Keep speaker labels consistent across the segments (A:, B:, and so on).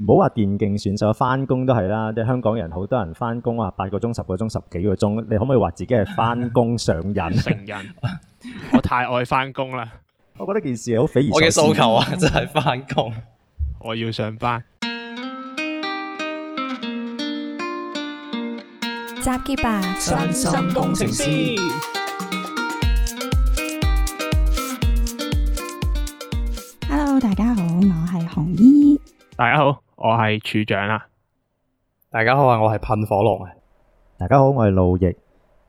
A: 唔好話電競選手，翻工都係啦。即係香港人，好多人翻工啊，八個鐘、十個鐘、十幾個鐘。你可唔可以話自己係翻工上癮？上癮，
B: 我太愛翻工啦！我覺得件事係好匪夷所思。我嘅訴求啊，真係翻工，我要上班。
C: 扎基吧，
B: 身心工程師。
C: Hello，大家好，我係紅衣。
B: 大家好。我係處長啊！大家好啊！我係噴火龍啊！大家好，我係
A: 路易。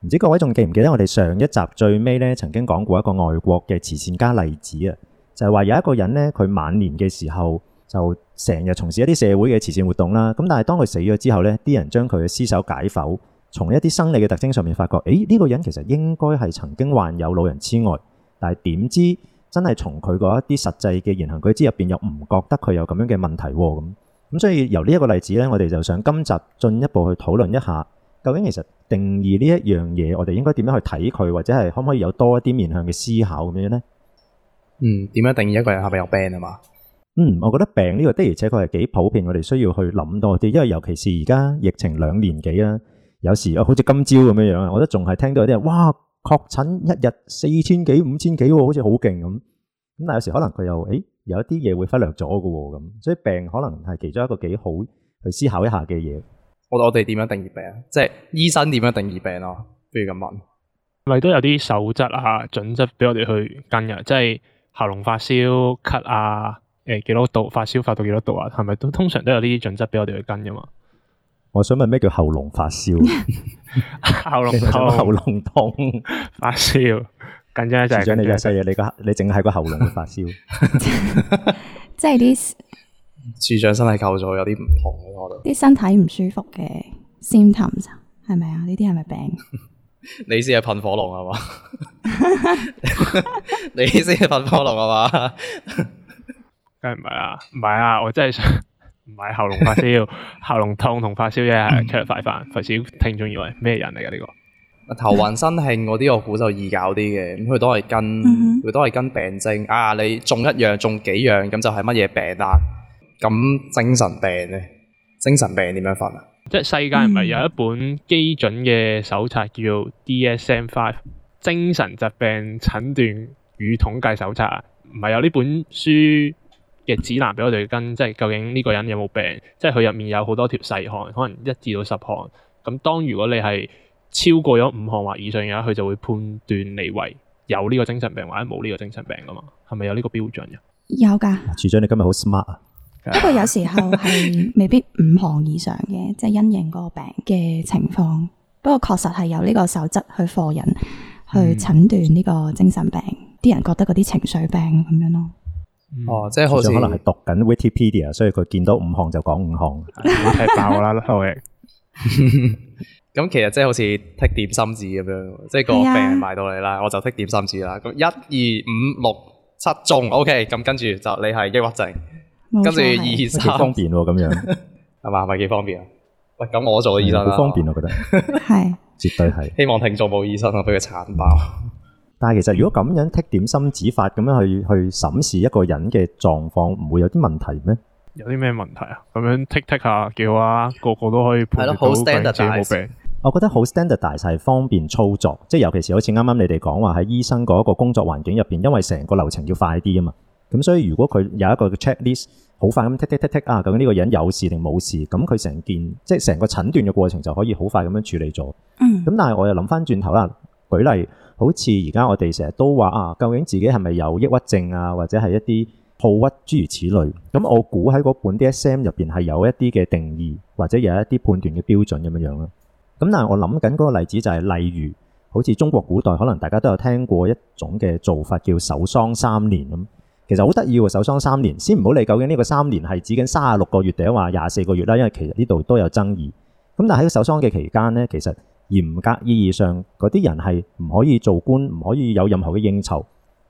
A: 唔知各位仲記唔記得我哋上一集最尾咧，曾經講過一個外國嘅慈善家例子啊？就係話有一個人咧，佢晚年嘅時候就成日從事一啲社會嘅慈善活動啦。咁但係當佢死咗之後咧，啲人將佢嘅屍首解剖，從一啲生理嘅特徵上面發覺，誒呢個人其實應該係曾經患有老人痴呆，但係點知真係從佢嗰一啲實際嘅言行舉止入邊又唔覺得佢有咁樣嘅問題咁。咁所以由呢一個例子咧，我哋就想今集進一步去討論一下，究竟其實定義呢一樣嘢，我哋應該點樣去睇佢，或者係可唔可以有多一啲面向嘅思考咁樣咧？嗯，點樣定義一個人係咪有病啊嘛？嗯，我覺得病呢個的而且確係幾普遍，我哋需要去諗多啲，因為尤其是而家疫情兩年幾啊，有時啊，好似今朝咁樣樣啊，我覺得仲係聽到有啲人哇，確診一日四千幾、五千幾，好似好勁咁。咁但係有時可能佢又誒。欸有一啲嘢會忽略咗嘅喎，咁所以病可能係其
D: 中一個幾好去思考一下嘅嘢。我我哋點樣定義病？即係醫生點樣定義病咯？不如咁問，咪都有啲守則啊、準則俾我哋去跟啊，即
B: 係喉嚨發燒、咳啊，誒、呃、幾多度發燒，發燒發到幾多度啊？係咪都通常都有呢啲準則俾我哋去跟嘅嘛？
A: 我想問咩叫喉嚨發燒？
B: 喉嚨 喉嚨痛， 喉嚨痛 發燒。緊張一陣，樹長你又細嘢，
A: 你個你
D: 整喺個喉嚨會發燒，
C: 即係啲
D: 樹長身體構造有啲唔同喺嗰度，啲
C: 身體唔舒服嘅 symptoms 係咪啊？呢啲係咪病？
D: 你先係噴火龍啊嘛？你先係噴火龍啊嘛？梗係唔係啊？唔係啊！我真係想唔係喉嚨發燒，
B: 喉嚨痛同發燒嘅 check 快翻，費事聽眾以為咩人嚟噶
D: 呢個？頭暈身慶嗰啲我估就易搞啲嘅，咁佢都係跟佢都係跟病症啊！你中一樣中幾樣咁就係乜嘢病啊？咁精神病呢？精神病點樣分啊？
B: 即係世界唔係有
D: 一本基準嘅
B: 手冊，叫 DSM Five《精神疾病診斷與統計手冊》，唔係有呢本書嘅指南俾我哋跟，即係究竟呢個人有冇病？即係佢入面有好多條細項，可能一至到十項。咁當如果你係超過咗五項或以上嘅，佢就會判斷你為有呢個精神病或者冇呢個精神病噶嘛？係咪有呢個標準嘅？有噶，處長你今日好 smart 啊！不過有時
C: 候係未必五項以上嘅，即係因應嗰個病嘅情況。不過確實係有呢個守則去火人去診斷呢個精神病，啲人、嗯、人覺得嗰啲情緒病咁樣咯。
D: 嗯、哦，即係好似可能係
A: 讀緊 Wikipedia，所以佢見到五項就講五項，太爆啦，係咪？
D: 咁其實即係好似剔點心紙咁樣，即係個病人埋到你啦，我就剔點心紙啦。咁一二五六七中，OK，咁跟住就你係抑鬱症，
A: 錯跟住二三。幾方便喎，咁 樣
D: 係嘛？係咪幾方便啊？喂，咁我做醫生好是方便，
A: 我覺得。係，絕對係。
D: 希望聽眾冇醫生啊，俾佢慘爆。
A: 但係其實如果咁樣剔點心紙法咁樣去去審視一個人嘅狀況，唔會有啲問題咩？
D: 有啲咩問題啊？
B: 咁樣 tick tick 下叫啊，個個都可以對。係咯，好 standard 大。
A: 我覺得好 standard 就係方便操作，即係尤其是好似啱啱你哋講話喺醫生嗰一個工作環境入邊，因為成個流程要快啲啊嘛。咁所以如果佢有一個 check list，好快咁 tick tick tick 啊，究竟呢個人有事定冇事？咁佢成件即係成個診斷嘅過程就可以好快咁樣處理咗。嗯。咁但係我又諗翻轉頭啦，舉例好似而家我哋成日都話啊，究竟自己係咪有抑鬱症啊，或者係一啲？抱屈，諸如此類。咁我估喺嗰本 D S M 入邊係有一啲嘅定義，或者有一啲判斷嘅標準咁樣樣啦。咁但係我諗緊嗰個例子就係例如，好似中國古代可能大家都有聽過一種嘅做法叫守喪三年咁。其實好得意喎，守喪三年。先唔好理究竟呢個三年係指緊三十六個月定係話廿四個月啦，因為其實呢度都有爭議。咁但係喺守喪嘅期間呢，其實嚴格意義上嗰啲人係唔可以做官，唔可以有任何嘅應酬，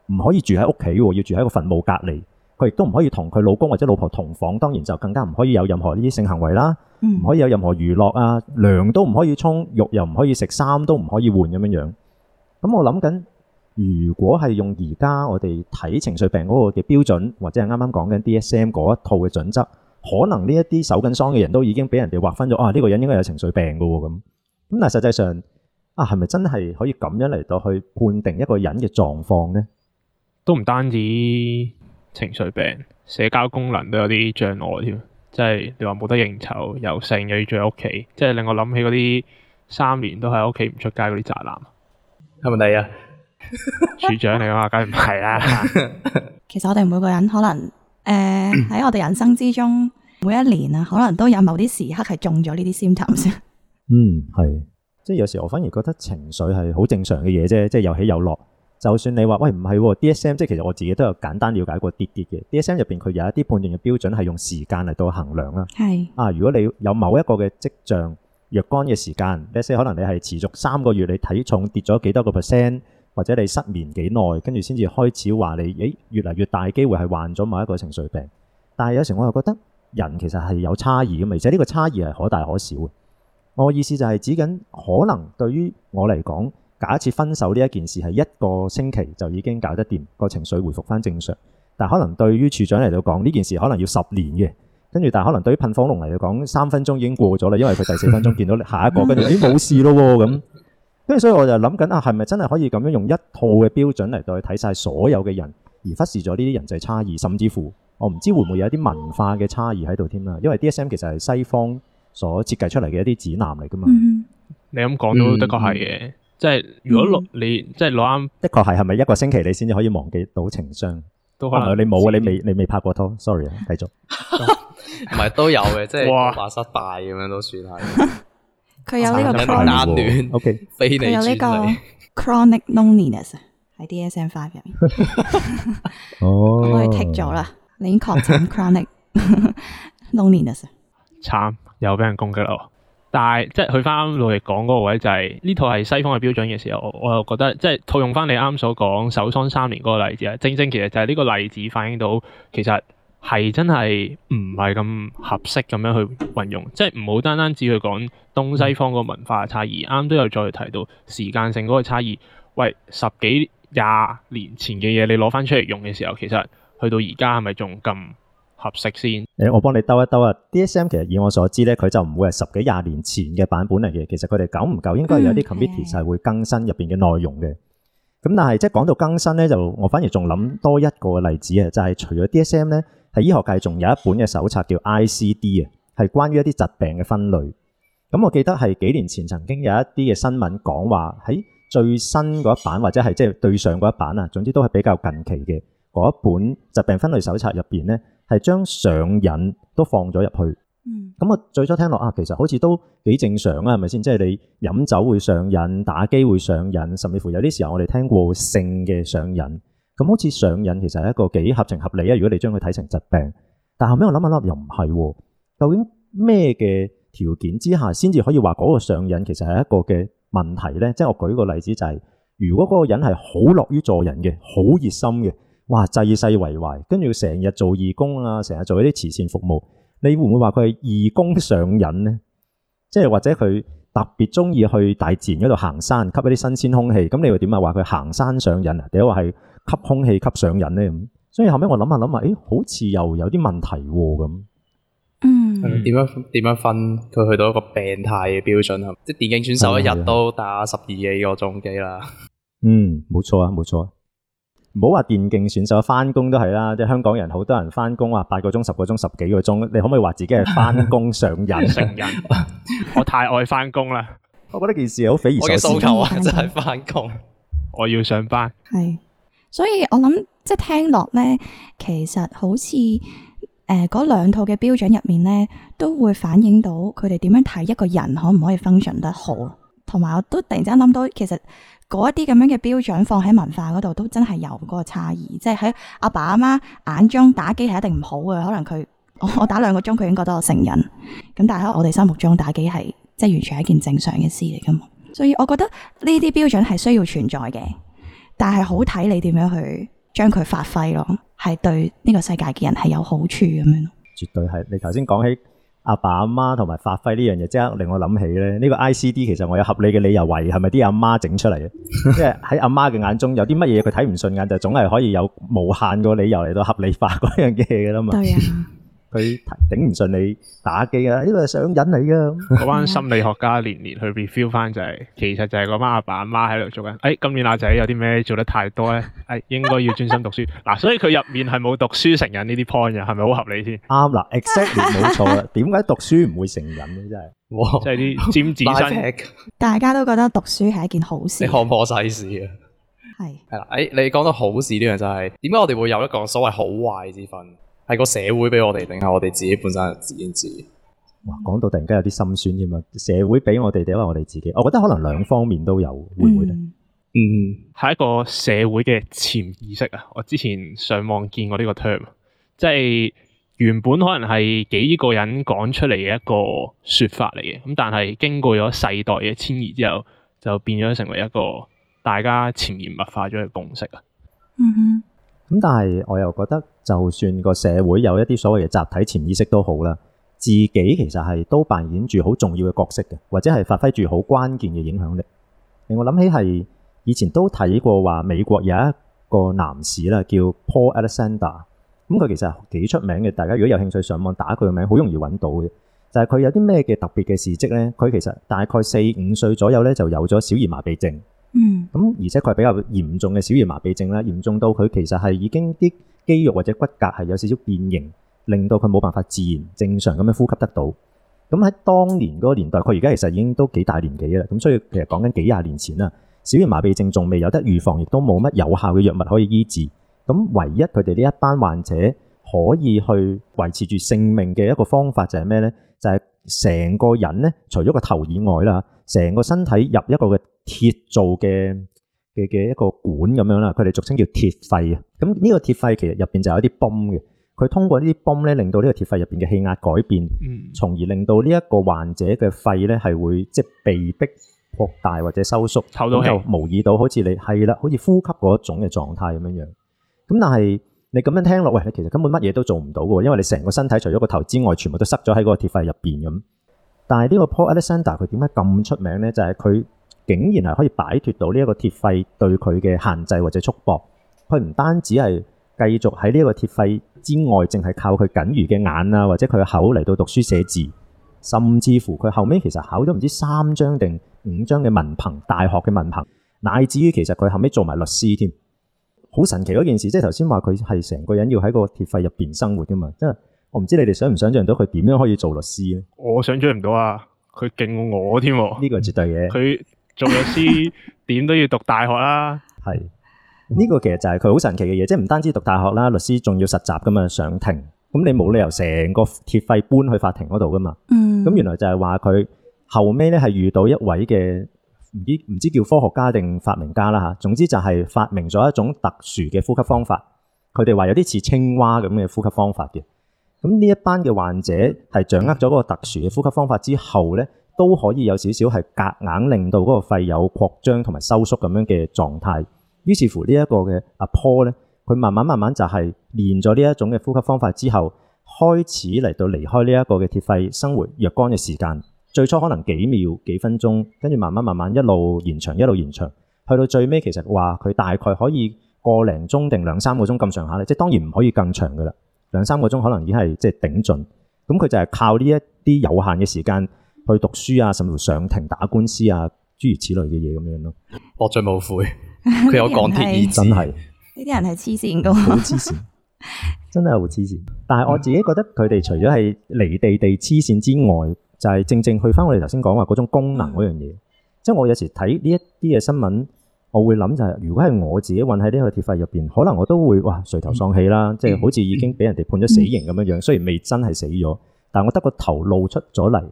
A: 唔可以住喺屋企，要住喺一個墳墓隔離。佢亦都唔可以同佢老公或者老婆同房，當然就更加唔可以有任何呢啲性行為啦。唔、嗯、可以有任何娛樂啊，涼都唔可以沖，肉又唔可以食，衫都唔可以換咁樣樣。咁、嗯、我諗緊，如果係用而家我哋睇情緒病嗰個嘅標準，或者係啱啱講緊 DSM 嗰一套嘅準則，可能呢一啲受緊傷嘅人都已經俾人哋劃分咗啊。呢、這個人應該有情緒病㗎喎咁咁，但係實際上啊，係咪真係可以咁樣嚟到去判定一個人嘅狀況呢？
B: 都唔單止。情緒病、社交功能都有啲障礙添，就是，即係你話冇得應酬、又剩又要住喺屋企，即係令我諗起嗰啲三年都喺屋企唔出街嗰啲宅男。係咪你啊？處長嚟嘅話，梗係唔係啦。
C: 其實我哋每個人可能誒、喺、呃、我哋人生之中每一年啊，可能都有某啲時刻係中咗呢啲 symptoms。嗯，
A: 係，即係有時我反而覺得情緒係好正常嘅嘢啫，即係有起有落。就算你話喂唔係喎、哦、，DSM 即係其實我自己都有簡單了解過跌跌嘅 DSM 入邊佢有一啲判斷嘅標準係用時間嚟到衡量啦。係是啊，如果你有某一個嘅跡象，若干嘅時間即可能你係持續三個月，你體重跌咗幾多個 percent，或者你失眠幾耐，跟住先至開始話你，咦越嚟越大機會係患咗某一個情緒病。但係有時我又覺得人其實係有差異嘅，而且呢個差異係可大可小啊。我意思就係指緊可能對於我嚟講。假設分手呢一件事，係一個星期就已經搞得掂，個情緒回復翻正常。但可能對於處長嚟到講，呢件事可能要十年嘅，跟住但係可能對於噴火龍嚟到講，三分鐘已經過咗啦，因為佢第四分鐘見到你，下一個跟住，咦冇事咯咁、哦。跟住所以我就諗緊啊，係咪真係可以咁樣用一套嘅標準嚟到去睇晒所有嘅人，而忽視咗呢啲人際差異，甚至乎我唔知會唔會有一啲文化嘅差異喺度添啦。因為 DSM 其實係西方所設計出嚟嘅一啲指南嚟噶嘛。嗯、你咁講都的確係嘅。
B: 即係如果攞你即係攞啱，
A: 的確係，係咪一個星期你先至可以忘記到情傷？都可能你冇，你未你未拍過拖，sorry 啊，繼續，
D: 唔係都有嘅，即係失大咁樣都算係。佢有呢個概念，OK。有呢個
C: chronic loneliness 啊，喺 DSM 五入面。哦。
B: 我哋剔咗
C: 啦，你已經確診 chronic loneliness
B: 啊。慘，又俾人攻擊我。但係，即係去翻陸毅講嗰個位就係、是、呢套係西方嘅標準嘅時候，我我又覺得即係套用翻你啱所講守喪三年嗰個例子啊，正正其實就係呢個例子反映到其實係真係唔係咁合適咁樣去運用，即係唔好單單只去講東西方個文化差異，啱、嗯、都有再提到時間性嗰個差異。喂，十幾廿年前嘅嘢你攞翻出嚟用嘅時候，其實去到而家係咪仲咁？合適先。
A: 誒、哎，我幫你兜一兜啊。D S M 其實以我所知咧，佢就唔會係十幾廿年前嘅版本嚟嘅。其實佢哋久唔久應該有啲 committee 係、嗯、會更新入邊嘅內容嘅。咁但係即係講到更新咧，就我反而仲諗多一個例子啊，就係、是、除咗 D S M 咧，喺醫學界仲有一本嘅手冊叫 I C D 啊，係關於一啲疾病嘅分類。咁我記得係幾年前曾經有一啲嘅新聞講話喺最新嗰一版或者係即係對上嗰一版啊，總之都係比較近期嘅嗰一本疾病分類手冊入邊咧。係將上癮都放咗入去，咁啊、嗯、最初聽落啊，其實好似都幾正常啊，係咪先？即係你飲酒會上癮，打機會上癮，甚至乎有啲時候我哋聽過性嘅上癮，咁好似上癮其實係一個幾合情合理啊，如果你將佢睇成疾病，但後尾我諗一諗又唔係喎，究竟咩嘅條件之下先至可以話嗰個上癮其實係一個嘅問題咧？即係我舉個例子就係，如果嗰個人係好樂於助人嘅，好熱心嘅。哇！濟世為懷，跟住成日做義工啊，成日做一啲慈善服務，你會唔會話佢係義工上癮呢？即係或者佢特別中意去大自然嗰度行山，吸一啲新鮮空氣，咁你會點啊？話佢行山上癮啊？定話係吸空氣吸上癮呢？咁所以後尾我諗下諗下，誒、欸，好似又有啲問題喎、啊、咁。嗯。
D: 點、嗯嗯、樣點樣分佢去到一個病態嘅標準啊？即係電競選手一日都打十二幾個鐘機啦。
A: 嗯，冇錯啊，冇錯。唔好話電競選手，翻工都係啦，即係香港人好多人翻工啊，八個鐘、十個鐘、十幾個鐘，你可唔可以話自己係翻
B: 工上癮？成癮 人， 我太愛翻工啦！ 我覺得件事好匪夷所思。我嘅訴求啊，即係翻工，我，我，我要上班。
C: 係，所以我諗即係聽落咧，其實好似誒嗰兩套嘅標準入面咧，都會反映到佢哋點樣睇一個人可唔可以 function 得好。同埋我都突然之間諗到，其實嗰一啲咁樣嘅標準放喺文化嗰度，都真係有嗰個差異。即係喺阿爸阿媽眼中打機係一定唔好嘅，可能佢我打兩個鐘佢已經覺得我成人癮。咁但係喺我哋心目中打機係即係完全係一件正常嘅事嚟㗎嘛。所以我覺得呢啲標準係需要存在嘅，但係好睇你點樣去將佢發揮咯，係對呢個世界嘅人係有好處咁樣囉。
A: 絕對係你頭先講起。阿爸阿媽同埋發揮呢樣嘢，即刻令我諗起咧。呢個 I C D 其實我有合理嘅理由為懷疑係咪啲阿媽整出嚟嘅。 即係喺阿媽嘅眼中，有啲乜嘢佢睇唔順眼，就總係可以有無限個理由嚟到合理化嗰樣嘅嘢噶啦嘛。 佢頂唔順你打機啊，呢個係上癮嚟噶。嗰 班心
B: 理學家年年去 review 翻就係、是，其實就係嗰班阿爸阿媽喺度做緊。誒、哎，今年阿仔有啲咩做得太多咧？誒、哎，應該要專心讀書。嗱、 啊，所以佢入面係冇讀書成癮呢啲 point 嘅，係咪好合理先？
A: 啱啦，except 冇錯啦。點解讀書唔會成癮咧？
B: 真
D: 係哇，即係啲尖子生。
C: 大家都覺得讀書
D: 係一件好事。你看破世事啊？係係啦，誒，你講到好事呢樣就係，點解我哋會有一個所謂好壞之分？係個社會俾我哋，定係我哋自己本身自己？哇，講到突然間有啲心酸嘅嘛。社會俾我哋定係我哋自
A: 己本身自己自己？講到突然間有啲心酸嘅嘛社會俾我哋定係我哋自己我覺得可能兩方面都有，會唔會咧、嗯？
B: 嗯，係一個社會嘅潛意識啊。我之前上網見過呢個 term，即係原本可能係幾個人講出嚟嘅一個說法嚟嘅，咁但係經過咗世代嘅遷移之後，就變咗成為一個大家潛移默化咗嘅共識啊。嗯哼。咁
A: 但係我又覺得，就算個社會有一啲所謂嘅集體潛意識都好啦，自己其實係都扮演住好重要嘅角色嘅，或者係發揮住好關鍵嘅影響力。令我諗起係以前都睇過話，美國有一個男士啦，叫 Paul Alexander，咁、嗯、佢其實係幾出名嘅，大家如果有興趣上網打佢個名，好容易揾到嘅。就係、是、佢有啲咩嘅特別嘅事蹟咧？佢其實大概四五歲左右咧，就有咗小兒麻痹症。嗯，咁而且佢係比較嚴重嘅小兒麻痹症啦，嚴重到佢其實係已經啲肌肉或者骨骼係有少少變形，令到佢冇辦法自然正常咁樣呼吸得到。咁喺當年嗰個年代，佢而家其實已經都幾大年紀啦。咁所以其實講緊幾廿年前啦，小兒麻痹症仲未有得預防，亦都冇乜有效嘅藥物可以醫治。咁唯一佢哋呢一班患者可以去維持住性命嘅一個方法就係咩咧？就係、是、成個人咧，除咗個頭以外啦，成個身體入一個嘅。鐵做嘅嘅嘅一個管咁樣啦，佢哋俗稱叫鐵肺啊。咁呢個鐵肺其實入邊就有啲泵嘅，佢通過呢啲泵咧，令到呢個鐵肺入邊嘅氣壓改變，嗯，從而令到呢一個患者嘅肺咧係會即係被逼擴大或者收縮，唞到氣，模擬到好似你係啦，好似呼吸嗰種嘅狀態咁樣樣。咁但係你咁樣聽落，喂，你其實根本乜嘢都做唔到嘅喎，因為你成個身體除咗個頭之外，全部都塞咗喺嗰個鐵肺入邊咁。但係呢個 Paul Alexander 佢點解咁出名咧？就係佢。竟然係可以擺脫到呢一個鐵肺對佢嘅限制或者束縛，佢唔單止係繼續喺呢一個鐵肺之外，淨係靠佢僅餘嘅眼啊，或者佢口嚟到讀書寫字，甚至乎佢後尾其實考咗唔知三張定五張嘅文憑，大學嘅文憑，乃至於其實佢後尾做埋律師添，好神奇嗰件事。即係頭先話佢係成個人要喺個鐵肺入邊生活㗎嘛，即係我唔知你哋想唔想象到佢點樣可以做律師咧？
B: 我想象唔到啊，佢勁過我添。呢個絕對嘢。佢。做律師點都要讀大學啦，
A: 係呢、 這個其實就係佢好神奇嘅嘢，即係唔單止讀大學啦，律師仲要實習噶嘛，上庭，咁你冇理由成個鐵肺搬去法庭嗰度噶嘛，咁、嗯、原來就係話佢後尾咧係遇到一位嘅唔知唔知叫科學家定發明家啦吓，總之就係發明咗一種特殊嘅呼吸方法，佢哋話有啲似青蛙咁嘅呼吸方法嘅，咁呢一班嘅患者係掌握咗嗰個特殊嘅呼吸方法之後咧。都可以有少少係夾硬，硬，令到嗰個肺有擴張同埋收縮咁樣嘅狀態。於是乎呢一個嘅阿 Paul 咧，佢慢慢慢慢就係練咗呢一種嘅呼吸方法之後，開始嚟到離開呢一個嘅鐵肺生活若干嘅時間。最初可能幾秒幾分鐘，跟住慢慢慢慢一路延長，一路延長，去到最尾其實話佢大概可以個零鐘定兩三個鐘咁上下咧。即係當然唔可以更長噶啦，兩三個鐘可能已經係即係頂盡咁。佢就係靠呢一啲有限嘅時間。去讀書啊，甚至上庭打官司啊，諸如此類嘅嘢咁樣咯，我最無悔。
C: 佢有講鐵肺 真係呢啲人係黐線噶，好黐
A: 線，真係好黐線。但係我自己覺得佢哋除咗係離地地黐線之外，嗯、就係正正去翻我哋頭先講話嗰種功能嗰樣嘢。嗯、即係我有時睇呢一啲嘅新聞，我會諗就係，如果係我自己混喺呢個鐵肺入邊，可能我都會哇垂頭喪氣啦，嗯、即係好似已經俾人哋判咗死刑咁樣樣。雖然未真係死咗，但係我得個頭露出咗嚟。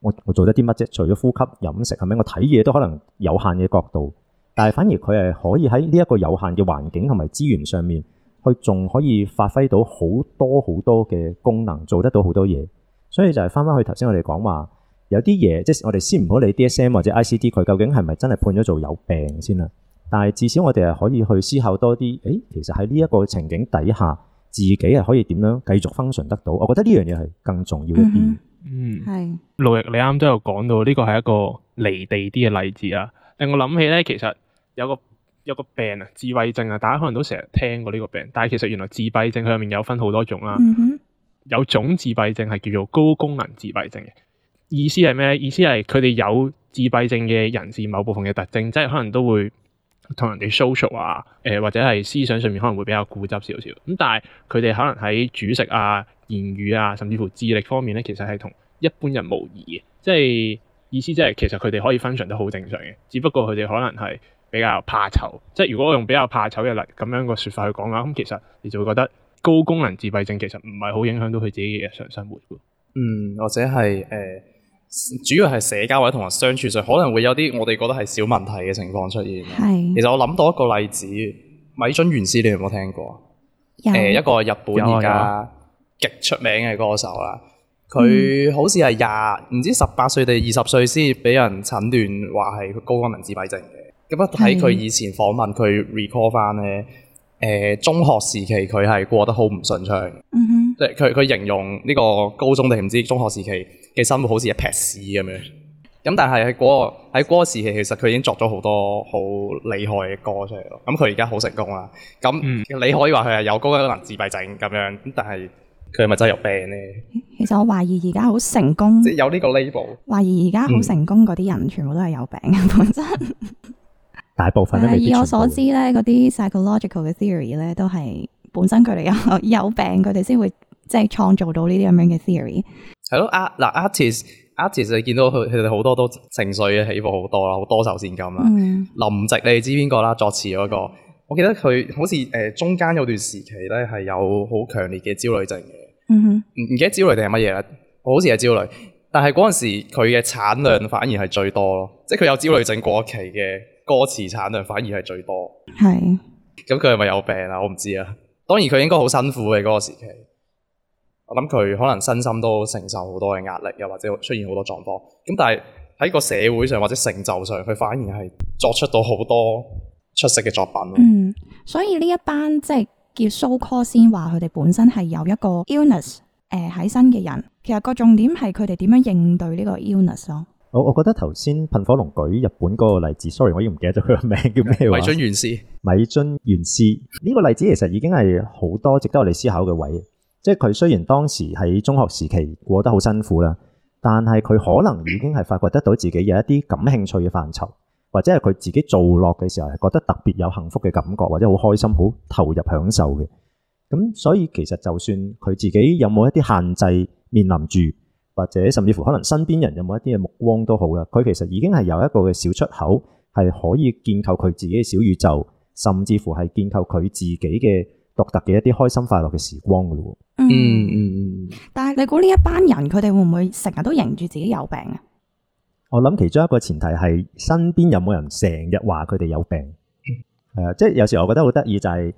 A: 我我做得啲乜啫？除咗呼吸、飲食，係咪？我睇嘢都可能有限嘅角度，但係反而佢係可以喺呢一個有限嘅環境同埋資源上面，佢仲可以發揮到好多好多嘅功能，做得到好多嘢。所以就係翻翻去頭先我哋講話，有啲嘢即係我哋先唔好理 DSM 或者 ICD，佢究竟係咪真係判咗做有病先啦？但係至少我哋係可以去思考多啲，誒、欸，其實喺呢一個情景底下，自己係可以點樣繼續 function 得到？我覺得呢樣嘢係更重要一啲。Mm-hmm.
B: 嗯，係是。路易，你啱啱都有講到呢個係一個離地啲嘅例子啊。令我諗起咧，其實有個有個病啊，自閉症啊，大家可能都成日聽過呢個病，但係其實原來自閉症佢裏面有分好多種啦。嗯、哼有種自閉症係叫做高功能自閉症嘅，意思係咩？意思係佢哋有自閉症嘅人士某部分嘅特徵，即係可能都會。同人哋 social 啊，誒、呃、或者係思想上面可能會比較固執少少，咁但係佢哋可能喺主食啊、言語啊，甚至乎智力方面咧，其實係同一般人無異嘅。即係意思即係其實佢哋可以分 u n 都好正常嘅，只不過佢哋可能係比較怕醜。即係如果我用比較怕醜嘅例咁樣個説法去講啦，咁其實你
D: 就會覺得高功能自閉症其實唔係好影響到佢自己嘅日常生活嘅。嗯，或者係誒。呃主要係社交，或者同人相處上，可能會有啲我哋覺得係小問題嘅情況出現。是其實我諗到一個例子，米津玄師你有冇聽過？誒有、呃，一個日本而家極出名嘅歌手啦。佢好似係廿唔知十八歲定二十歲先俾人診斷話係高功能自閉症嘅。咁一睇佢以前訪問佢 record 翻咧，誒是、呃、中學時期佢係過得好唔順暢。即係佢佢形容呢個高中定唔知中學時期。嘅生活好似一劈屎咁樣，咁但係喺嗰個喺、哦、個時期，其實佢已經作咗好多好厲害嘅歌出嚟咯。咁佢而家好成功啦。咁你可以話佢係有高功能自閉症咁樣，咁但係佢係咪真係有病呢？
C: 其實我懷疑而家好成
D: 功，即係 有呢個 label 懷
C: 疑而家好成功嗰啲人，全部都係有病嘅本身。嗯、
D: 大部分誒、呃，以我所知
C: 咧，嗰啲 psychological 嘅 theory 咧，都係本身佢哋有有病，佢哋先會即係創造到呢啲咁樣嘅 theory。
D: 係咯，阿嗱，artist，artist Art 就見到佢佢哋好多都情緒嘅起伏好多啦，好多愁善感啦。Okay. 林夕你知邊個啦？作詞嗰、嗰個，mm hmm. 我記得佢好似誒中間有段時期咧，係有、mm hmm. 好強烈嘅焦慮症嘅。唔唔記得焦慮定係乜嘢啦？我好似係焦慮，但係嗰陣時佢嘅產量反而係最多咯，即係佢有焦慮症嗰期嘅歌詞產量反而係最多。
C: 係咁、mm，
D: 佢係咪有病啊？我唔知啊。當然佢應該好辛苦嘅嗰、嗰個時期。我諗佢可能身心都承受好多嘅壓力，又或者出現好多狀況。咁但係喺個社會上或者成就上，佢反而係作出到好多出色嘅作品。嗯，
C: 所以呢一班即係叫 so call 先話佢哋本身係有一個 illness 誒喺身嘅人。其實個重點係佢哋點樣應對呢個 illness 咯。
A: 我我覺得頭先噴火龍舉日本嗰個例子，sorry，我已經唔記得咗佢個名叫咩。米津玄師，米津玄師呢個例子其實已經係好多值得我哋思考嘅位。即係佢雖然當時喺中學時期過得好辛苦啦，但係佢可能已經係發覺得到自己有一啲感興趣嘅範疇，或者係佢自己做落嘅時候係覺得特別有幸福嘅感覺，或者好開心、好投入享受嘅。咁所以其實就算佢自己有冇一啲限制面臨住，或者甚至乎可能身邊人有冇一啲嘅目光都好啦，佢其實已經係有一個嘅小出口，係可以建構佢自己嘅小宇宙，甚至乎係建構佢自己嘅。獨特嘅一啲開心快樂嘅時光噶咯喎。嗯嗯
C: 嗯。但係你估呢一班人佢哋會唔會成日都認住自己有病啊？
A: 我諗其中一個前提係身邊有冇人成日話佢哋有病，係啊、 呃，即係有時候我覺得好得意就係、係、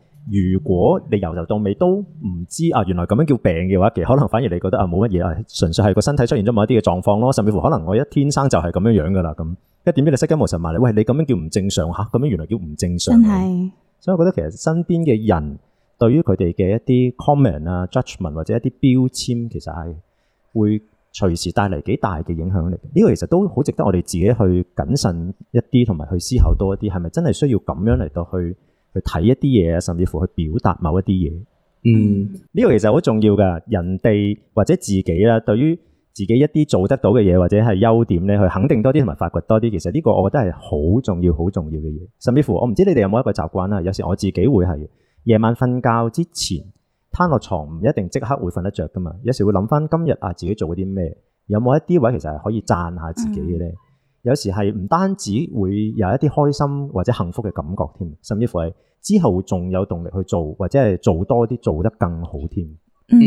A: 如果你由頭到尾都唔知啊，原來咁樣叫病嘅話，其實可能反而你覺得啊冇乜嘢啊，純粹係個身體出現咗某一啲嘅狀況咯，甚至乎可能我一天生就係咁樣樣噶啦咁。一點知你失驚無神問你：「喂，你咁樣叫唔正常嚇？啊，咁樣原來叫唔正常。真係。所以我覺得其實身邊嘅人。對於佢哋嘅一啲 comment 啊、judgement 或者一啲標籤，其實係會隨時帶嚟幾大嘅影響嚟。呢個其實都好值得我哋自己去謹慎一啲，同埋去思考多一啲，係咪真係需要咁樣嚟到去去睇一啲嘢啊，甚至乎去表達某一啲嘢。嗯，呢個其實好重要㗎。人哋或者自己啦，對於自己一啲做得到嘅嘢或者係優點咧，去肯定多啲同埋發掘多啲，其實呢個我覺得係好重要、好重要嘅嘢。甚至乎我唔知你哋有冇一個習慣啦，有時我自己會係。夜晚瞓覺之前攤落床唔一定即刻會瞓得着㗎嘛。有時會諗返今日啊，自己做啲咩？有冇一啲位其實係可以讚下自己嘅咧？嗯、有時係唔單止會有一啲開心或者幸福嘅感覺添，甚至乎係之後仲有動力去做，或者係做多啲做得更好添。
D: 嗯，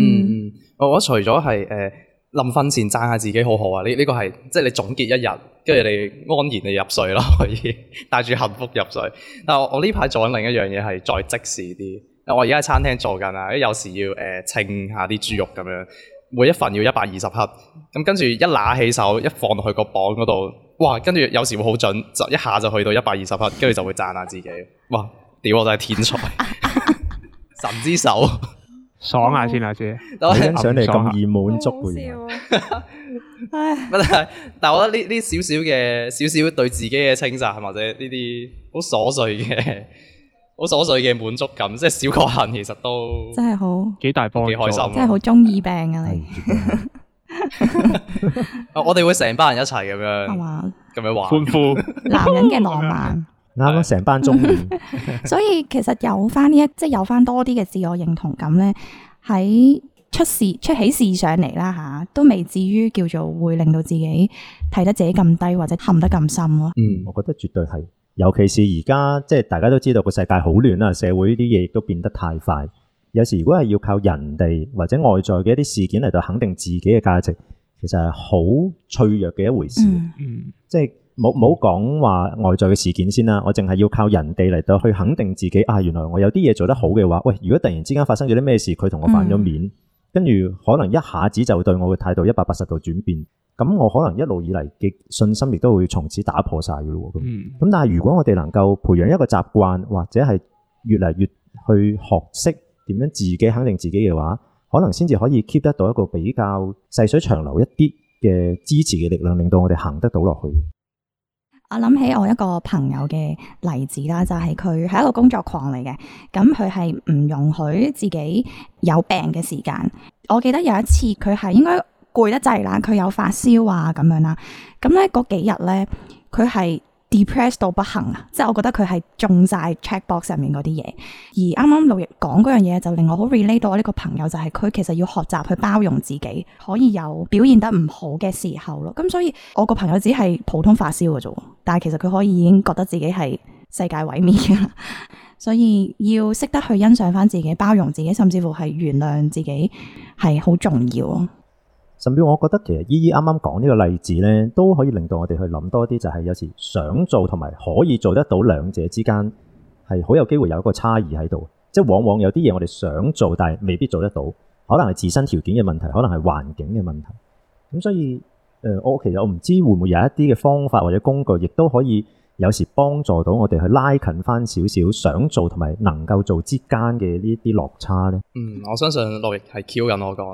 D: 嗯，我除咗係誒。呃臨瞓前讚下自己好好啊！呢呢、呢個係即係你總結一日，跟住你安然地入睡咯，可以帶住幸福入睡。但係我呢排做緊另一樣嘢係再即時啲。我而家喺餐廳做緊啊，有時要誒稱、呃、下啲豬肉咁樣，每一份要一百二十克。咁跟住一拿起手，一放落去個磅嗰度，哇！跟住有時會好準，就一下就去到一百二十克，跟住就會讚下自己。哇！屌，我真係天才， 神之手。爽下先啊，姐！我欣賞你咁
A: 易滿足嘅嘢。
D: 唉，但係但係，我覺得呢呢少少嘅少少對自己嘅稱讚，或者呢啲好瑣碎嘅好瑣碎嘅滿足感，即係小確幸，其實都真係好幾大方幾開心。真係
C: 好鍾意病啊你！
D: 啊，我哋會成班人一齊咁樣，係咪，咁樣玩歡呼，男
C: 人嘅浪漫。啱啦，成班中眾。 所以其實有翻呢一，即係有翻多啲嘅自我認同感。咧，喺出事出起事上嚟啦，吓，都未至於叫做會令到自己睇得自己咁低，或者陷得咁深咯。嗯，我
A: 覺得絕對係，尤其是而家即係大家都知道個世界好亂啊，社會啲嘢亦都變得太快。有時如果係要靠人哋或者外在嘅一啲事件嚟到肯定自己嘅價值，其實係好脆弱嘅一回事。嗯，嗯即係。冇冇講話外在嘅事件先啦。我淨係要靠人哋嚟到去肯定自己啊。原來我有啲嘢做得好嘅話，喂，如果突然之間發生咗啲咩事，佢同我反咗面，跟住、嗯、可能一下子就對我嘅態度一百八十度轉變。咁我可能一路以嚟嘅信心亦都會從此打破晒㗎咯。咁但係如果我哋能夠培養一個習慣，或者係越嚟越去學識點樣自己肯定自己嘅話，可能先至可以 keep 得到一個比較細水長流一啲嘅支持嘅力量，令到我哋行得到落去。
C: 我諗起我一個朋友嘅例子啦，就係佢係一個工作狂嚟嘅，咁佢係唔容許自己有病嘅時間。我記得有一次佢係應該攰得滯啦，佢有發燒啊咁樣啦，咁呢嗰幾日呢，佢係。depressed 到不行啊！即係我覺得佢係中晒 check box 上面嗰啲嘢，而啱啱路易講嗰樣嘢，就令我好 relate 到我呢個朋友，就係、是、佢其實要學習去包容自己，可以有表現得唔好嘅時候咯。咁所以我個朋友只係普通發燒嘅啫，但係其實佢可以已經覺得自己係世界毀滅㗎喇， 所以要識得去欣賞翻自己，包容自己，甚至乎係原諒自己，係好重要啊！
A: 甚至我覺得其實依依啱啱講呢個例子呢，都可以令到我哋去諗多啲，就係有時想做同埋可以做得到兩者之間係好有機會有一個差異喺度。即往往有啲嘢我哋想做，但係未必做得到，可能係自身條件嘅問題，可能係環境嘅問題。咁所以，呃，我其實我唔知會唔會有一啲嘅方法或者工具，亦都可以。有時幫助到我哋去拉近翻少少想做同埋能夠做之間嘅呢啲落差呢。嗯，
D: 我相信路易係 Q 緊我講。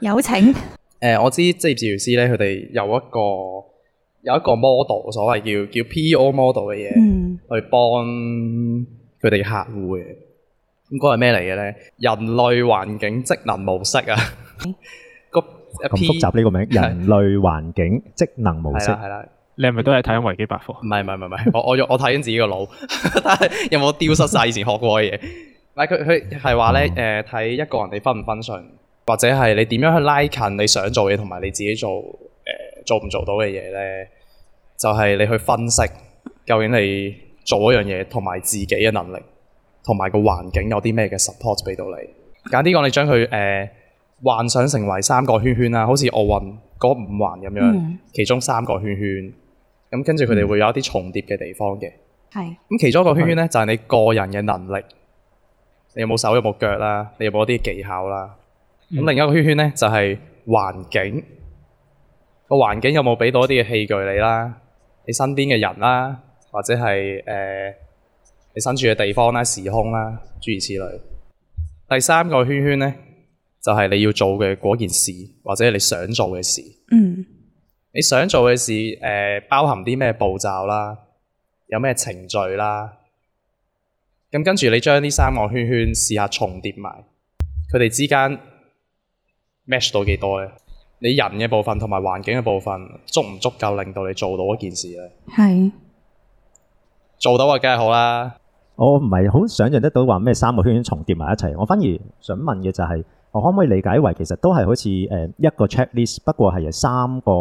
C: 有請。
D: 誒，我知職業治療師呢，佢哋有一個有一個 model，所謂叫叫 PEO model 嘅嘢，嗯、去幫佢哋客戶嘅。咁嗰係咩嚟嘅呢？人類環境職能模式啊。 咁 P 複雜呢個
A: 名，人類環境職能模式係啦。
D: 你係咪都係睇緊維基百科？唔係唔係唔係，我我我睇緊自己個腦，但係有冇丟失晒以前學過嘅嘢？唔係，佢佢係話咧，誒，睇、嗯呃、一個人你分唔分順，或者係你點樣去拉近你想做嘢同埋你自己做誒、呃、做唔做到嘅嘢咧，就係、是、你去分析 究竟你做嗰樣嘢同埋自己嘅能力同埋個環境有啲咩嘅 support 俾到你。簡啲講，你將佢誒。呃呃幻想成為三個圈圈啊，好似奧運嗰五環咁樣，mm hmm. 其中三個圈圈咁，跟住佢哋會有一啲重疊嘅地方嘅。係咁、mm，hmm. 其中一個圈圈咧，mm hmm. 就係你個人嘅能力，你有冇手有冇腳啦，你有冇一啲技巧啦。咁、mm hmm. 另一個圈圈咧，就係、是、環境，個環境有冇俾到一啲嘅器具你啦，你身邊嘅人啦，或者係誒、呃、你身處嘅地方啦、時空啦，諸如此類。第三個圈圈咧，就係你要做嘅嗰件事，或者你想做嘅事。
A: 嗯，
D: 你想做嘅事，誒、呃，包含啲咩步驟啦？有咩程序啦？咁跟住你將呢三個圈圈試下重疊埋，佢哋之間 match 到幾多咧？你人嘅部分同埋環境嘅部分足唔足夠令到你做到嗰件事咧？係，做到啊，梗係好啦。
A: 我唔係好想象得到話咩三個圈圈重疊埋一齊。我反而想問嘅就係。我可唔可以理解為其實都係好似誒一個 checklist，不過係有三個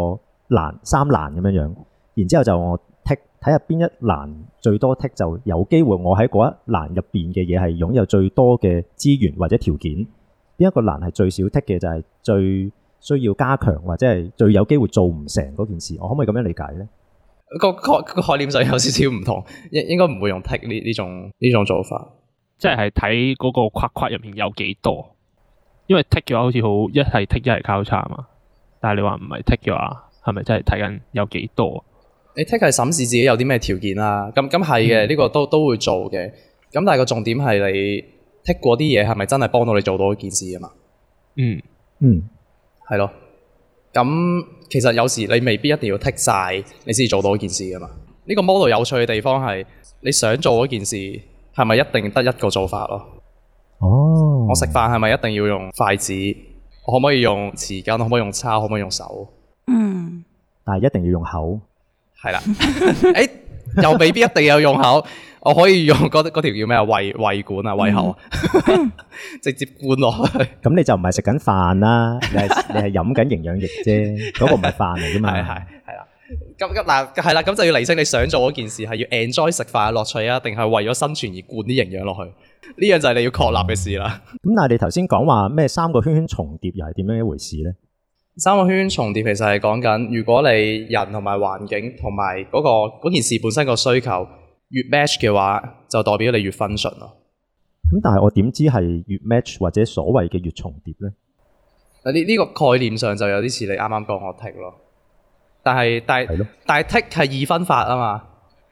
A: 欄三欄咁樣樣，然之後就我剔睇下邊一欄最多剔就有機會我喺嗰一欄入邊嘅嘢係擁有最多嘅資源或者條件。邊一個欄係最少剔嘅就係最需要加強或者係最有機會做唔成嗰件事。我可唔可以咁樣理解呢？
D: 嗰個、嗰個概念上有少少唔同，應應該唔會用剔呢呢種
B: 呢種做法，做法即係睇嗰個框框入邊有幾多。因為剔嘅話好似好，一係剔一係交叉嘛，但係你話唔係剔嘅話，係咪真係睇緊有幾多？
D: 你剔係審視自己有啲咩條件啦、啊，咁咁係嘅，呢、嗯、個都都會做嘅。咁但係個重點係你剔過啲嘢係咪真係幫到你做到件事啊嘛、
B: 嗯？嗯嗯，
D: 係咯。咁其實有時你未必一定要剔晒，你先做到件事噶、啊、嘛。呢、這個 model 有趣嘅地方係你想做嗰件事係咪一定得一個做法咯？哦，oh. 我食飯係咪一定要用筷子？我可唔可以用匙羹？我可唔可以用叉？可唔可以用手？
A: 嗯，但係一定要用口，
D: 係啦。誒，又未必一定要用口，我可以用嗰嗰條叫咩？胃胃管啊，胃喉，直接灌落去、嗯。
A: 咁 你就唔係食緊飯啦，你係你係飲緊營養液啫，嗰、嗰個唔係飯嚟噶嘛。係係係啦。
D: 急急，嗱係啦，咁就要釐清你想做嗰件事係要 enjoy 食飯嘅樂趣啊，定係為咗生存而灌啲營養落去？呢樣就係你要確立嘅事啦、嗯。
A: 咁但係你頭先講話咩三個圈圈重疊又係點樣一回事
D: 咧？三個圈圈重疊其實係講緊如果你人同埋環境同埋嗰個嗰件事本身個需求越 match 嘅話，就代表你越 function 咯。
A: 咁但係我點知係越 match 或者所謂嘅越重疊
D: 咧？呢呢個概念上就有啲似你啱啱講我聽咯。但係，的但係，但係 tick 係二分法啊嘛，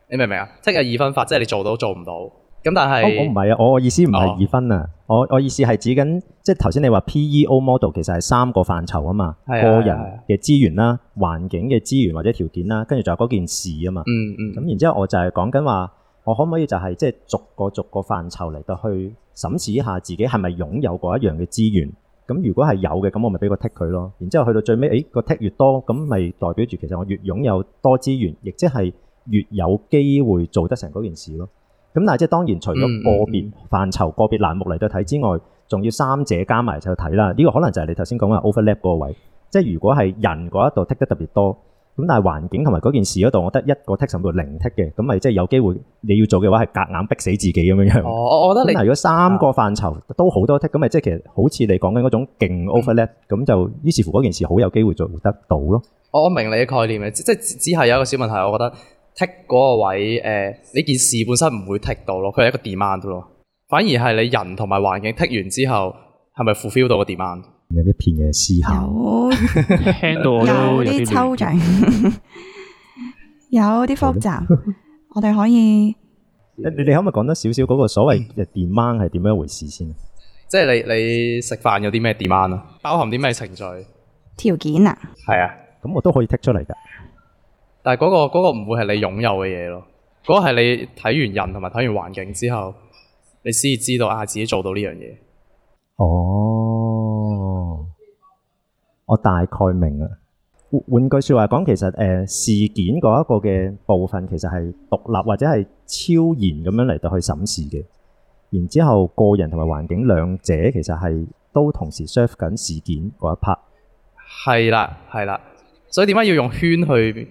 D: 你明唔明啊？tick 係二分法，即係你做到做唔到。咁但係、哦，我唔係
A: 啊，我嘅意思唔係二分啊，哦、我我意思係指緊，即係頭先你話 PEO model 其實係三個範疇啊嘛，的個人嘅資源啦、環境嘅資源或者條件啦，跟住仲有嗰件事啊嘛。嗯嗯。咁、嗯、然之後，我就係講緊話，我可唔可以就係即係逐個逐個範疇嚟到去審視一下自己係咪擁有嗰一樣嘅資源。咁如果係有嘅，咁我咪畀個剔佢咯。然之後去到最尾，誒、個剔越多，咁咪代表住其實我越擁有多資源，亦即係越有機會做得成嗰件事咯。咁但係即係當然除咗個別範疇、個別欄目嚟到睇之外，仲要三者加埋一齊去睇啦。呢、這個可能就係你頭先講嘅 overlap 嗰個位，即係如果係人嗰一度剔得特別多。咁但係環境同埋嗰件事嗰度，我覺得一個 tick 甚至零 tick 嘅，咁咪即係有機會你要做嘅話，係夾硬逼死自己咁樣樣、哦。我覺得你如果三個範疇都好多 tick，咁咪即係其實好似你講緊嗰種勁 overlap，咁、嗯、就於是乎嗰件事好有機會做得到咯。
D: 我明你嘅概念嘅，即係只係有一個小問題，我覺得 tick 嗰個位，誒呢件事本身唔會剔到咯，佢係一個 demand 咯。反而係你人同埋環境剔完之後，係咪 fulfill 到個 demand？
A: 有一片嘅思考，
C: 聽
D: 到都有啲抽
C: 象， 有啲複雜。我哋可以，
A: 你你可唔可以講得少少？嗰個所謂嘅 demand 係點樣一回事先？嗯、
D: 即係你你食飯有啲咩 demand 啊？包含啲咩程序
A: 條件啊？係啊，咁我都可以剔出嚟噶。
D: 但係、嗰、嗰個、嗰個唔會係你擁有嘅嘢咯。嗰、嗰個係你睇完人同埋睇完環境之後，你先至知道啊！自己做到呢樣嘢
A: 哦。我大概明啦。換句説話講，其實誒、呃、事件嗰一個嘅部分，其實係獨立或者係超然咁樣嚟到去審視嘅。然之後，個人同埋環境兩者其實係都同時 serve 緊事件嗰一 part。
D: 係啦，係啦。所以點解要用圈去誒、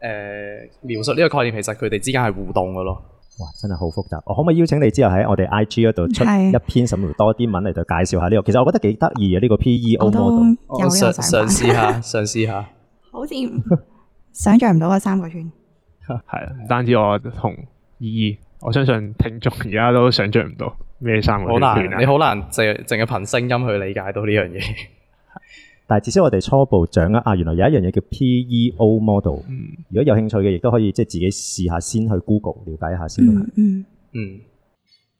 D: 呃、描述呢個概念？其實佢哋之間係互動嘅咯。
A: 哇，真係好複雜。我、哦、可唔可以邀請你之後喺我哋 I G 嗰度出一篇甚至多啲文嚟，到介紹下呢、這個。的其實我覺得幾得意嘅呢個 P E O Model，我想我
B: 嘗想試玩下，嘗試 下，
C: 好似想象唔到嗰三個圈。
B: 係啊， 唔單止我同依依，我相信聽眾而家都想象唔到
D: 咩三個圈、啊。好難，你好難淨淨係憑聲音去理解到呢樣嘢。 但
A: 係至少我哋初步掌握啊，原來有一樣嘢叫 PEO model、嗯。如果有興趣嘅，亦都可以即係自己試下先去 Google 了解一下先、嗯。嗯，
B: 嗯。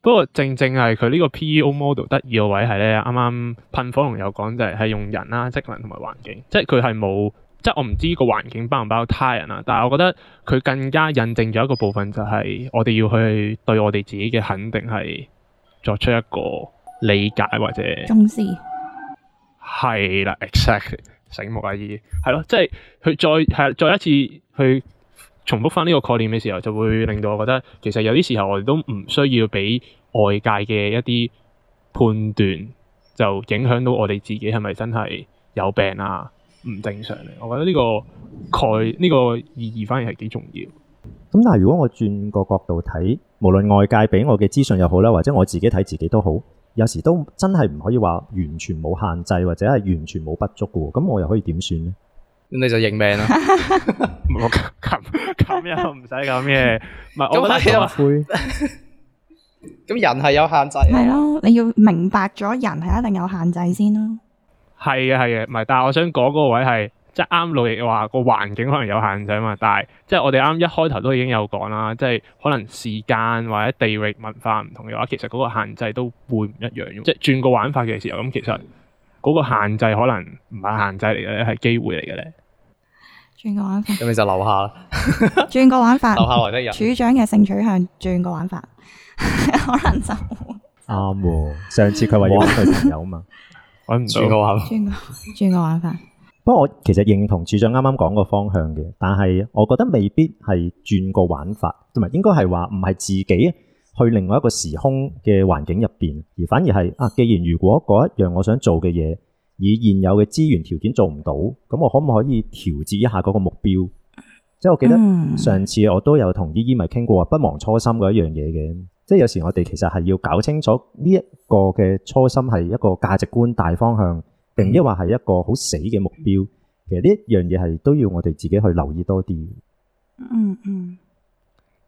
B: 不過正正係佢呢個 PEO model 得意嘅位係咧，啱啱噴火龍有講就係係用人啦、啊、職能同埋環境。即係佢係冇，即係我唔知個環境包唔包他人啊。但係我覺得佢更加印證咗一個部分，就係我哋要去對我哋自己嘅肯定係作出一個理解或者重視。係啦，exactly，醒目呀！呢啲，係咯，即係去再係再一次去重複翻呢個概念嘅時候，就會令到我覺得，其實有啲時候我哋都唔需要俾外界嘅一啲判斷，就影響到我哋自己係咪真係有病啊，唔正常嘅。我覺得呢個概呢個意義反而係幾重要。
A: 咁但係如果我轉個角度睇，無論外界俾我嘅資訊又好啦，或者我自己睇自己都好。有時都真係唔可以話完全冇限制，或者係完全冇不足嘅，咁我又可以點算咧？
D: 你就認命啦， 冇咁咁又唔使咁嘅，唔係我唔後悔。咁 人係有限制，係
C: 咯？你要明白咗人係一定有限制先咯。
D: 係啊係啊，唔係，但
B: 係我想講嗰個位係。即係啱路，嘅話，個環境可能有限制啊嘛。但係即係我哋啱一開頭都已經有講啦，即係可能時間或者地域文化唔同嘅話，其實嗰個限制都會唔一樣。即係轉個玩法嘅時候，咁其實嗰個限制可能唔係限制嚟嘅咧，係機會嚟嘅咧。
C: 轉個玩法，咁你就留下。轉個玩法，留下來得人。處長嘅性取向，轉個玩法，可能就
A: 啱。上次佢話要搵女朋友啊嘛，搵唔到個玩，
C: 轉個玩法。
A: 不過我其實認同處長啱啱講個方向嘅，但係我覺得未必係轉個玩法，同埋應該係話唔係自己去另外一個時空嘅環境入邊，而反而係啊，既然如果嗰一樣我想做嘅嘢，以現有嘅資源條件做唔到，咁我可唔可以調節一下嗰個目標？即係我記得上次我都有同姨姨咪傾過話不忘初心嗰一樣嘢嘅，即係有時我哋其實係要搞清楚呢一個嘅初心係一個價值觀大方向。亦或係一個好死嘅目標，其實呢一樣嘢係都要我哋自己去留意多啲，嗯。
B: 嗯嗯，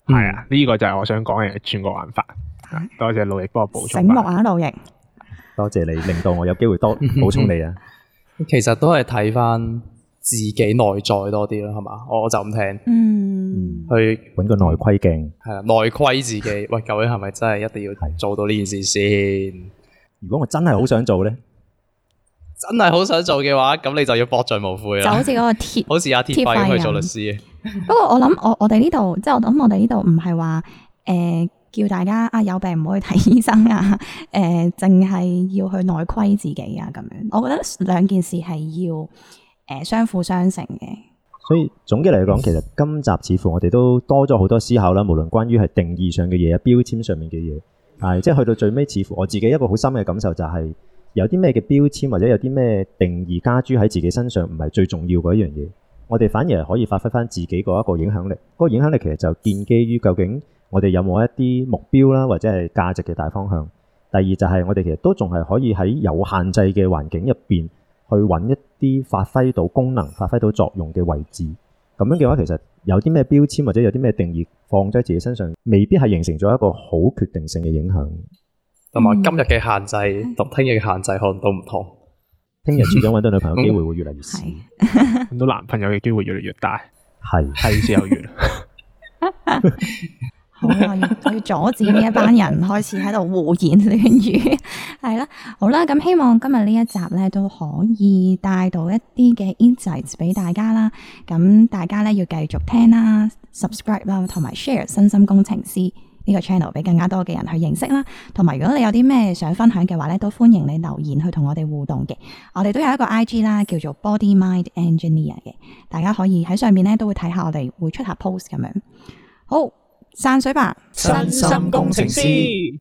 B: 係啊，呢，這個就係我想講嘅轉個玩法。多謝路易幫我補充。
C: 整落下路易，
A: 多謝你令到我有機會多補充你啊。
D: 其實都係睇翻自己內在多啲啦，係嘛？我就咁聽。
A: 嗯，去揾個內窺鏡，
D: 係內窺自己。喂， 究竟係咪真係一定要做到呢件事先？如
A: 果我真係好想做咧？
D: 真係好想做嘅話，咁你就要搏盡無悔啦。就 好似嗰個鐵，好似阿鐵塊去做律師。
C: 不過我諗，就是，我我哋呢度，即係我諗，我哋呢度唔係話誒叫大家啊有病唔好去睇醫生啊，誒淨係要去內窺自己啊咁樣。我覺得兩件事係要誒，呃、相輔相成嘅。
A: 所以總結嚟講，其實今集似乎我哋都多咗好多思考啦。無論關於係定義上嘅嘢、標籤上面嘅嘢，係即係去到最尾，似乎我自己一個好深嘅感受就係、是。有啲咩嘅標籤或者有啲咩定義加諸喺自己身上，唔係最重要嗰一樣嘢。我哋反而係可以發揮返自己嗰一個影響力。嗰個影響力其實就建基於究竟我哋有冇一啲目標啦，或者係價值嘅大方向。第二就係我哋其實都仲係可以喺有限制嘅環境入邊去揾一啲發揮到功能、發揮到作用嘅位置。咁樣嘅話，其實有啲咩標籤或者有啲咩定義放咗喺自己身上，未必係形成咗一個好決定性嘅影響。
D: 同埋今日嘅限制同聽日嘅限制可能都唔同，
A: 聽日始終揾到女朋友嘅機會會
D: 越嚟越少，揾到、 嗯、是 男朋友嘅機會越嚟越大，
B: 係係先有緣。
C: 好，我，我要阻止呢一班人開始喺度胡言亂語，係 啦，好啦，咁希望今日呢一集咧都可以帶到一啲嘅 insights 俾大家啦，咁大家咧要繼續聽啦，subscribe 啦，同埋 share，身心工程師。呢個 channel 俾更加多嘅人去認識啦，同埋如果你有啲咩想分享嘅話咧，都歡迎你留言去同我哋互動嘅。我哋都有一個 IG 啦，叫做 Body Mind Engineer 嘅，大家可以喺上面咧都會睇下我哋會出下 post 咁樣。好，散水吧，身心工程師。